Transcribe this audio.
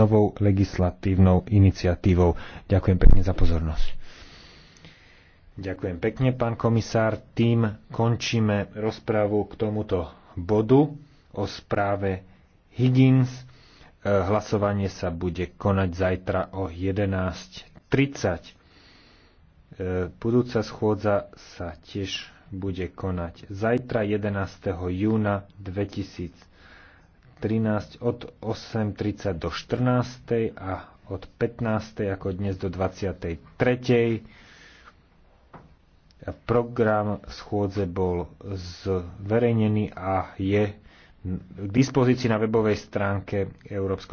novou legislatívnou iniciatívou. Ďakujem pekne za pozornosť. Ďakujem pekne, pán komisár. Tým končíme rozprávu k tomuto bodu o správe Higgins. E, hlasovanie sa bude konať zajtra o 11.30. E, budúca schôdza sa tiež bude konať zajtra 11. júna 2020. 13 od 8.30 do 14.00 a od 15.00 ako dnes do 23.00. Program schôdze bol zverejnený a je k dispozícii na webovej stránke Európskeho